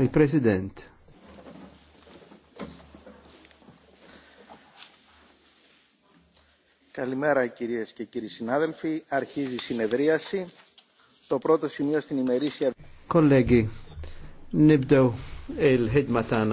Il-President. Καλημέρα κυρίε και κύριοι συνάδελφοι. Αρχίζει η συνεδρίαση. Το πρώτο σημείο στην ημερήσια... Κολέγγι, νιμπτεw ελ ħidma tagħna